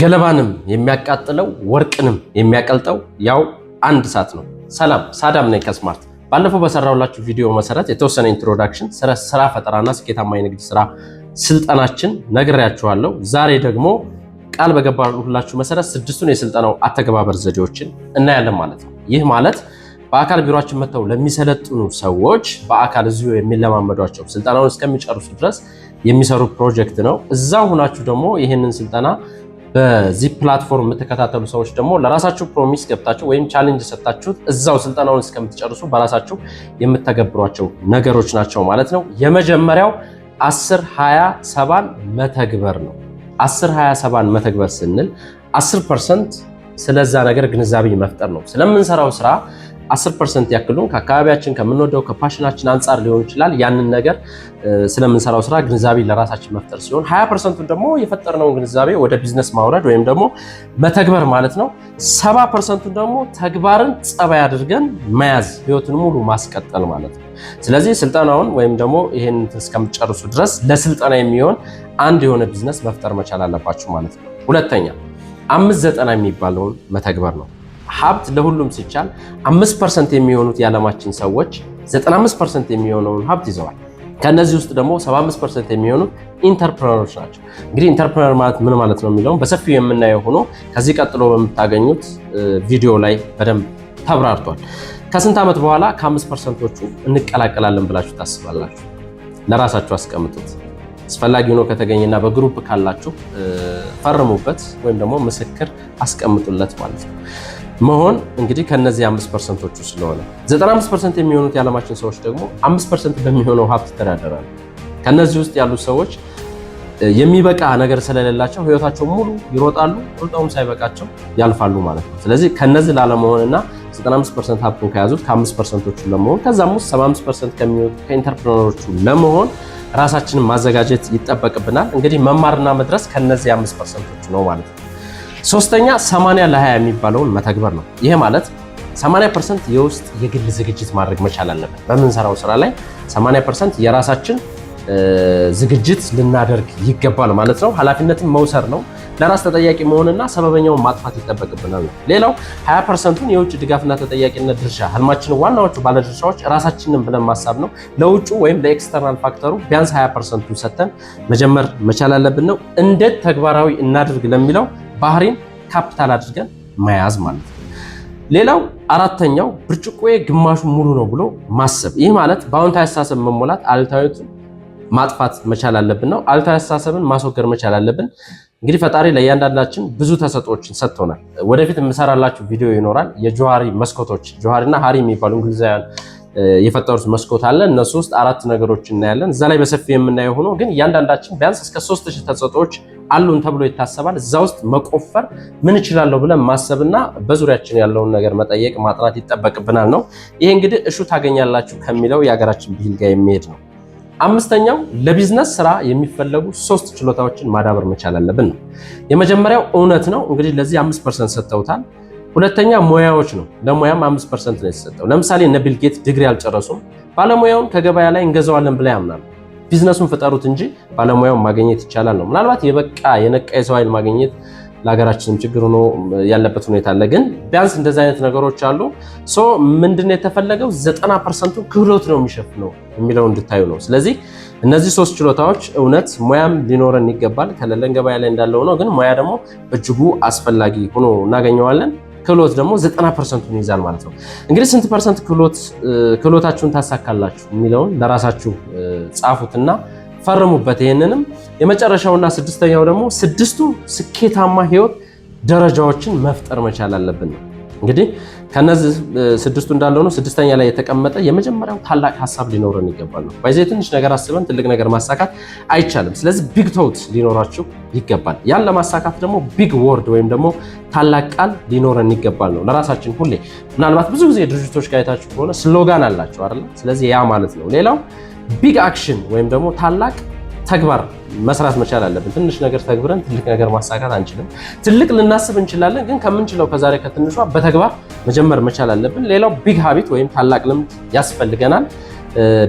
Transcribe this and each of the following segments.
ገለባንም የሚያቃጥለው ወርቅንም የሚያቀልጠው ያው አንድ እሳት ነው። ሰላም ሳዳም ነኝ ከስማርት። ባለፈው በሰራሁላችሁ ቪዲዮ መሰረት የተወሰነ ኢንትሮዳክሽን ስራ ፈጠራና ስኬታማ የንግድ ስራ ስልጠናችን ነግሬያችኋለሁ። ዛሬ ደግሞ ቃል በገባሁላችሁ መሰረት ስድስቱን የስልጠናው አተገባበር ዘዴዎችን እናያለን ማለት ነው። ይህ ማለት በአካል ቢሮችን መጥተው ለሚሰለጥኑ ሰዎች በአካል እዚሁ የሚለማመዷቸው ስልጠናውን እስከሚጨርሱ ድረስ የሚሰሩ ፕሮጀክት ነው። እዛው ሁናችሁ ደግሞ ይህንን ስልጠና በዚህ ፕላትፎርም የምትከታተሉ ሰዎች ደግሞ ለራሳችሁ ፕሮሚስ ገብታችሁ ወይም ቻሌንጅ ሰጥታችሁ እዛው ስልጠናውን እስከምትጨርሱ በራሳችሁ የምተገብሯቸው ነገሮች ናቸው ማለት ነው። የመጀመሪያው 10 20 መተግበር ነው። 10 20 70 መተግበር ስንል 10 ፐርሰንት ስለዛ ነገር ግንዛቤ መፍጠር ነው። ስለምንሰራው ስራ አስር ፐርሰንት ያክሉን ከአካባቢያችን ከምንወደው ከፓሽናችን አንጻር ሊሆን ይችላል ያንን ነገር ስለምንሰራው ስራ ግንዛቤ ለራሳችን መፍጠር ሲሆን ሀያ ፐርሰንቱን ደግሞ የፈጠርነውን ግንዛቤ ወደ ቢዝነስ ማውረድ ወይም ደግሞ መተግበር ማለት ነው። ሰባ ፐርሰንቱን ደግሞ ተግባርን ጸባይ አድርገን መያዝ ህይወትን ሙሉ ማስቀጠል ማለት ነው። ስለዚህ ስልጠናውን ወይም ደግሞ ይህን እስከምጨርሱ ድረስ ለስልጠና የሚሆን አንድ የሆነ ቢዝነስ መፍጠር መቻል አለባችሁ ማለት ነው። ሁለተኛ አምስት ዘጠና የሚባለውን መተግበር ነው። ሀብት ለሁሉም ሲቻል 5% የሚሆኑት የዓለማችን ሰዎች 95% የሚሆነውን ሀብት ይዘዋል። ከነዚህ ውስጥ ደግሞ 75% የሚሆኑት ኢንተርፕረነሮች ናቸው። እንግዲህ ኢንተርፕረነር ማለት ምን ማለት ነው የሚለውም በሰፊው የምናየው ሆኖ ከዚህ ቀጥሎ በምታገኙት ቪዲዮ ላይ በደንብ ተብራርቷል። ከስንት ዓመት በኋላ ከ ፐርሰንቶቹ እንቀላቀላለን ብላችሁ ታስባላችሁ? ለራሳችሁ አስቀምጡት። አስፈላጊ ሆኖ ከተገኘና በግሩፕ ካላችሁ ፈርሙበት ወይም ደግሞ ምስክር አስቀምጡለት ማለት ነው። መሆን እንግዲህ ከነዚህ አምስት ፐርሰንቶቹ ስለሆነ 95 ፐርሰንት የሚሆኑት የዓለማችን ሰዎች ደግሞ አምስት ፐርሰንት በሚሆነው ሀብት ይተዳደራሉ። ከነዚህ ውስጥ ያሉ ሰዎች የሚበቃ ነገር ስለሌላቸው ህይወታቸው ሙሉ ይሮጣሉ፣ ቁጣውም ሳይበቃቸው ያልፋሉ ማለት ነው። ስለዚህ ከነዚህ ላለመሆንና 95 ፐርሰንት ሀብቱን ከያዙት ከአምስት ፐርሰንቶቹ ለመሆን ከዛም ውስጥ 75 ፐርሰንት ከሚሆኑት ከኢንተርፕረነሮቹ ለመሆን ራሳችንን ማዘጋጀት ይጠበቅብናል። እንግዲህ መማርና መድረስ ከነዚህ አምስት ፐርሰንቶቹ ነው ማለት ነው። ሶስተኛ 80 ለ20 የሚባለውን መተግበር ነው። ይሄ ማለት 80% የውስጥ የግል ዝግጅት ማድረግ መቻል አለብን። በምንሰራው ስራ ላይ 80% የራሳችን ዝግጅት ልናደርግ ይገባል ማለት ነው። ኃላፊነትን መውሰድ ነው። ለራስ ተጠያቂ መሆንና ሰበበኛውን ማጥፋት ይጠበቅብናል ነው። ሌላው 20 ፐርሰንቱን የውጭ ድጋፍና ተጠያቂነት ድርሻ አልማችን ዋናዎቹ ባለድርሻዎች ራሳችንን ብለን ማሳብ ነው። ለውጩ ወይም ለኤክስተርናል ፋክተሩ ቢያንስ 20 ፐርሰንቱን ሰጥተን መጀመር መቻል አለብን ነው። እንዴት ተግባራዊ እናድርግ ለሚለው ባህሪን ካፒታል አድርገን መያዝ ማለት ነው። ሌላው አራተኛው ብርጭቆዬ ግማሹ ሙሉ ነው ብሎ ማሰብ። ይህ ማለት በአዎንታዊ አስተሳሰብ መሞላት አሉታዊቱን ማጥፋት መቻል አለብን ነው። አሉታዊ አስተሳሰብን ማስወገድ መቻል አለብን። እንግዲህ ፈጣሪ ለእያንዳንዳችን ብዙ ተሰጦችን ሰጥቶናል። ወደፊት የምሰራላችሁ ቪዲዮ ይኖራል። የጆሃሪ መስኮቶች ጆሃሪና ሀሪ የሚባሉ እንግሊዛውያን የፈጠሩት መስኮት አለ። እነሱ ውስጥ አራት ነገሮች እናያለን። እዛ ላይ በሰፊ የምናየው ሆኖ ግን እያንዳንዳችን ቢያንስ እስከ ሶስት ሺህ ተሰጦች አሉን ተብሎ ይታሰባል። እዛ ውስጥ መቆፈር ምን እችላለሁ ብለን ማሰብና በዙሪያችን ያለውን ነገር መጠየቅ ማጥናት ይጠበቅብናል ነው። ይሄ እንግዲህ እሹ ታገኛላችሁ ከሚለው የሀገራችን ብሂል ጋር የሚሄድ ነው። አምስተኛው ለቢዝነስ ስራ የሚፈለጉ ሶስት ችሎታዎችን ማዳበር መቻል አለብን ነው። የመጀመሪያው እውነት ነው። እንግዲህ ለዚህ አምስት ፐርሰንት ሰጥተውታል። ሁለተኛ ሙያዎች ነው። ለሙያም አምስት ፐርሰንት ነው የተሰጠው። ለምሳሌ እነ ቢልጌት ዲግሪ አልጨረሱም። ባለሙያውን ከገበያ ላይ እንገዛዋለን ብለ ያምናል። ቢዝነሱን ፍጠሩት እንጂ ባለሙያውን ማግኘት ይቻላል ነው። ምናልባት የበቃ የነቃ የሰው ኃይል ማግኘት ለሀገራችንም ችግር ሆኖ ያለበት ሁኔታ አለ። ግን ቢያንስ እንደዚህ አይነት ነገሮች አሉ። ሶ ምንድነው የተፈለገው? ዘጠና ፐርሰንቱ ክህሎት ነው የሚሸፍነው የሚለው እንድታዩ ነው። ስለዚህ እነዚህ ሶስት ችሎታዎች እውነት ሙያም ሊኖረን ይገባል። ከሌለን ገበያ ላይ እንዳለው ነው። ግን ሙያ ደግሞ በእጅጉ አስፈላጊ ሆኖ እናገኘዋለን። ክህሎት ደግሞ 90 ፐርሰንቱን ይይዛል ማለት ነው። እንግዲህ ስንት ፐርሰንት ክህሎታችሁን ታሳካላችሁ የሚለውን ለራሳችሁ ጻፉትና ፈርሙበት። ይህንንም የመጨረሻውና ስድስተኛው ደግሞ ስድስቱ ስኬታማ ህይወት ደረጃዎችን መፍጠር መቻል አለብን። እንግዲህ ከነዚህ ስድስቱ እንዳለው ነው። ስድስተኛ ላይ የተቀመጠ የመጀመሪያው ታላቅ ሀሳብ ሊኖረን ይገባል ነው። ባይዘ ትንሽ ነገር አስበን ትልቅ ነገር ማሳካት አይቻልም። ስለዚህ ቢግ ቶት ሊኖራችሁ ይገባል። ያን ለማሳካት ደግሞ ቢግ ወርድ ወይም ደግሞ ታላቅ ቃል ሊኖረን ይገባል ነው። ለራሳችን ሁሌ ምናልባት ብዙ ጊዜ ድርጅቶች ጋር ከሆነ ስሎጋን አላቸው አይደለ? ስለዚህ ያ ማለት ነው። ሌላው ቢግ አክሽን ወይም ደግሞ ታላቅ ተግባር መስራት መቻል አለብን። ትንሽ ነገር ተግብረን ትልቅ ነገር ማሳካት አንችልም። ትልቅ ልናስብ እንችላለን፣ ግን ከምንችለው ከዛሬ ከትንሿ በተግባር መጀመር መቻል አለብን። ሌላው ቢግ ሀቢት ወይም ታላቅ ልምድ ያስፈልገናል።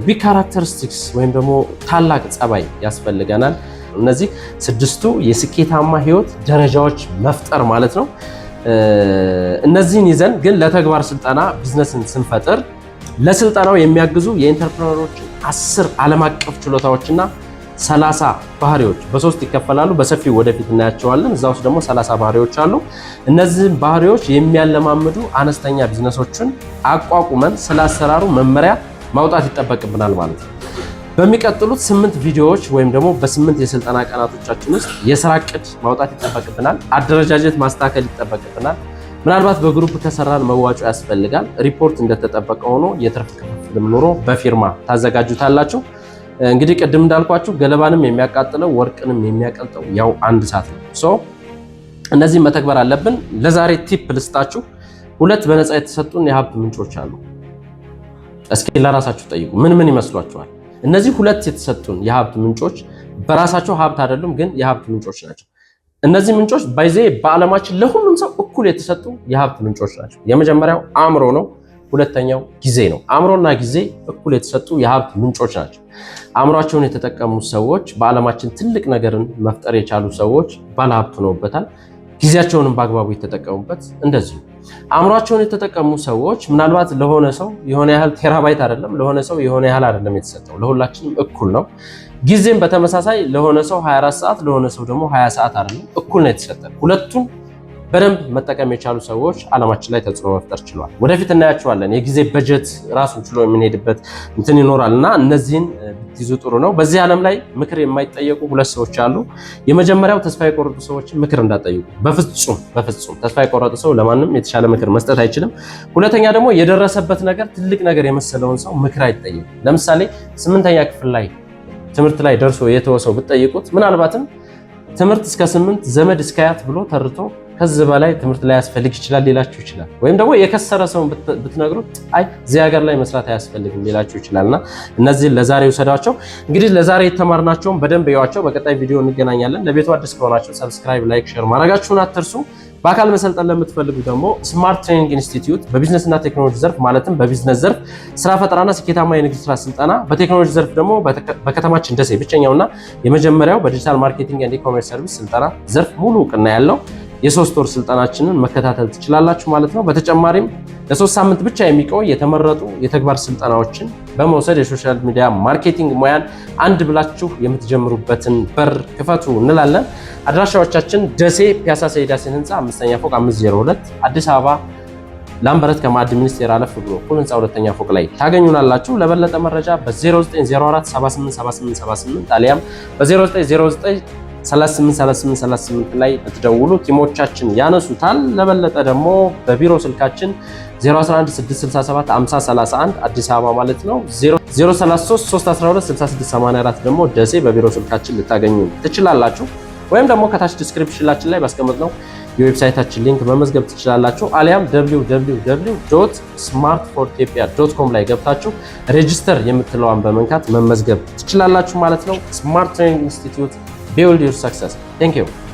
ቢግ ካራክተሪስቲክስ ወይም ደግሞ ታላቅ ጸባይ ያስፈልገናል። እነዚህ ስድስቱ የስኬታማ ህይወት ደረጃዎች መፍጠር ማለት ነው። እነዚህን ይዘን ግን ለተግባር ስልጠና ቢዝነስን ስንፈጥር ለስልጠናው የሚያግዙ የኢንተርፕረነሮችን አስር ዓለም አቀፍ ችሎታዎችና ሰላሳ ባህሪዎች በሶስት ይከፈላሉ። በሰፊው ወደፊት እናያቸዋለን። እዛ ውስጥ ደግሞ ሰላሳ ባህሪዎች አሉ። እነዚህ ባህሪዎች የሚያለማምዱ አነስተኛ ቢዝነሶችን አቋቁመን ስለ አሰራሩ መመሪያ ማውጣት ይጠበቅብናል ማለት ነው። በሚቀጥሉት ስምንት ቪዲዮዎች ወይም ደግሞ በስምንት የስልጠና ቀናቶቻችን ውስጥ የስራ እቅድ ማውጣት ይጠበቅብናል። አደረጃጀት ማስተካከል ይጠበቅብናል። ምናልባት በግሩፕ ከሰራን መዋጮ ያስፈልጋል። ሪፖርት እንደተጠበቀ ሆኖ የትርፍ ክፍፍልም ኑሮ በፊርማ ታዘጋጁታላችሁ። እንግዲህ ቅድም እንዳልኳችሁ ገለባንም የሚያቃጥለው ወርቅንም የሚያቀልጠው ያው አንድ እሳት ነው። ሶ እነዚህን መተግበር አለብን። ለዛሬ ቲፕ ልስጣችሁ። ሁለት በነፃ የተሰጡን የሀብት ምንጮች አሉ። እስኪ ለራሳችሁ ጠይቁ። ምን ምን ይመስሏችኋል? እነዚህ ሁለት የተሰጡን የሀብት ምንጮች በራሳቸው ሀብት አይደሉም፣ ግን የሀብት ምንጮች ናቸው። እነዚህ ምንጮች ባይዜ በዓለማችን ለሁሉም ሰው እኩል የተሰጡ የሀብት ምንጮች ናቸው። የመጀመሪያው አእምሮ ነው። ሁለተኛው ጊዜ ነው። አእምሮና ጊዜ እኩል የተሰጡ የሀብት ምንጮች ናቸው። አእምሯቸውን የተጠቀሙ ሰዎች በዓለማችን ትልቅ ነገርን መፍጠር የቻሉ ሰዎች ባለሀብት ሆነውበታል። ጊዜያቸውንም በአግባቡ የተጠቀሙበት እንደዚሁ። አእምሯቸውን የተጠቀሙ ሰዎች ምናልባት ለሆነ ሰው የሆነ ያህል ቴራባይት አይደለም፣ ለሆነ ሰው የሆነ ያህል አይደለም የተሰጠው፣ ለሁላችንም እኩል ነው። ጊዜም በተመሳሳይ ለሆነ ሰው 24 ሰዓት ለሆነ ሰው ደግሞ 20 ሰዓት አይደለም፣ እኩል ነው የተሰጠ ሁለቱን በደንብ መጠቀም የቻሉ ሰዎች ዓለማችን ላይ ተጽዕኖ መፍጠር ችሏል። ወደፊት እናያቸዋለን። የጊዜ በጀት ራሱን ችሎ የምንሄድበት እንትን ይኖራል እና እነዚህን ብትይዙ ጥሩ ነው። በዚህ ዓለም ላይ ምክር የማይጠየቁ ሁለት ሰዎች አሉ። የመጀመሪያው ተስፋ የቆረጡ ሰዎችን ምክር እንዳጠይቁ በፍጹም በፍጹም። ተስፋ የቆረጡ ሰው ለማንም የተሻለ ምክር መስጠት አይችልም። ሁለተኛ ደግሞ የደረሰበት ነገር ትልቅ ነገር የመሰለውን ሰው ምክር አይጠየቁ። ለምሳሌ ስምንተኛ ክፍል ላይ ትምህርት ላይ ደርሶ የተወሰው ብትጠይቁት ምናልባትም ትምህርት እስከ ስምንት ዘመድ እስከ አያት ብሎ ተርቶ ከዚህ በላይ ትምህርት ያስፈልግ ይችላል ሌላችሁ ይችላል። ወይም ደግሞ የከሰረ ሰውን ብትነግሩ አይ እዚህ ሀገር ላይ መስራት አያስፈልግም ሌላችሁ ይችላል። እና እነዚህ ለዛሬ ውሰዷቸው። እንግዲህ ለዛሬ የተማርናቸውን በደንብ እዩዋቸው። በቀጣይ ቪዲዮ እንገናኛለን። ለቤቱ አዲስ ከሆናቸው ሰብስክራይብ፣ ላይክ፣ ሼር ማድረጋችሁን አትርሱ። በአካል መሰልጠን ለምትፈልጉ ደግሞ ስማርት ትሬኒንግ ኢንስቲትዩት በቢዝነስና ቴክኖሎጂ ዘርፍ ማለትም በቢዝነስ ዘርፍ ስራ ፈጠራና ስኬታማ የንግድ ስራ ስልጠና፣ በቴክኖሎጂ ዘርፍ ደግሞ በከተማችን ደሴ ብቸኛውና የመጀመሪያው በዲጂታል ማርኬቲንግ ኤንድ ኢኮሜርስ ሰርቪስ ስልጠና ዘርፍ ሙሉ እውቅና ያለው የሶስት ወር ስልጠናችንን መከታተል ትችላላችሁ ማለት ነው። በተጨማሪም ለሶስት ሳምንት ብቻ የሚቆይ የተመረጡ የተግባር ስልጠናዎችን በመውሰድ የሶሻል ሚዲያ ማርኬቲንግ ሙያን አንድ ብላችሁ የምትጀምሩበትን በር ክፈቱ እንላለን። አድራሻዎቻችን ደሴ ፒያሳ ሰይዳሴን ህንፃ አምስተኛ ፎቅ 502 አዲስ አበባ ላምበረት ከማዕድ ሚኒስቴር አለፍ ብሎ እኩል ህንፃ ሁለተኛ ፎቅ ላይ ታገኙናላችሁ። ለበለጠ መረጃ በ0904787878 ጣሊያም በ0909 3838 ላይ ብትደውሉ ቲሞቻችን ያነሱታል። ለበለጠ ደግሞ በቢሮ ስልካችን 0116675031 አዲስ አበባ ማለት ነው። 0333126684 ደግሞ ደሴ በቢሮ ስልካችን ልታገኙ ትችላላችሁ። ወይም ደግሞ ከታች ዲስክሪፕሽናችን ላይ ባስቀመጥነው የዌብሳይታችን ሊንክ መመዝገብ ትችላላችሁ። አሊያም www.smartfortepia.com ላይ ገብታችሁ ሬጅስተር የምትለዋን በመንካት መመዝገብ ትችላላችሁ ማለት ነው። ስማርት ትሬኒንግ ኢንስቲትዩት build your success. Thank you.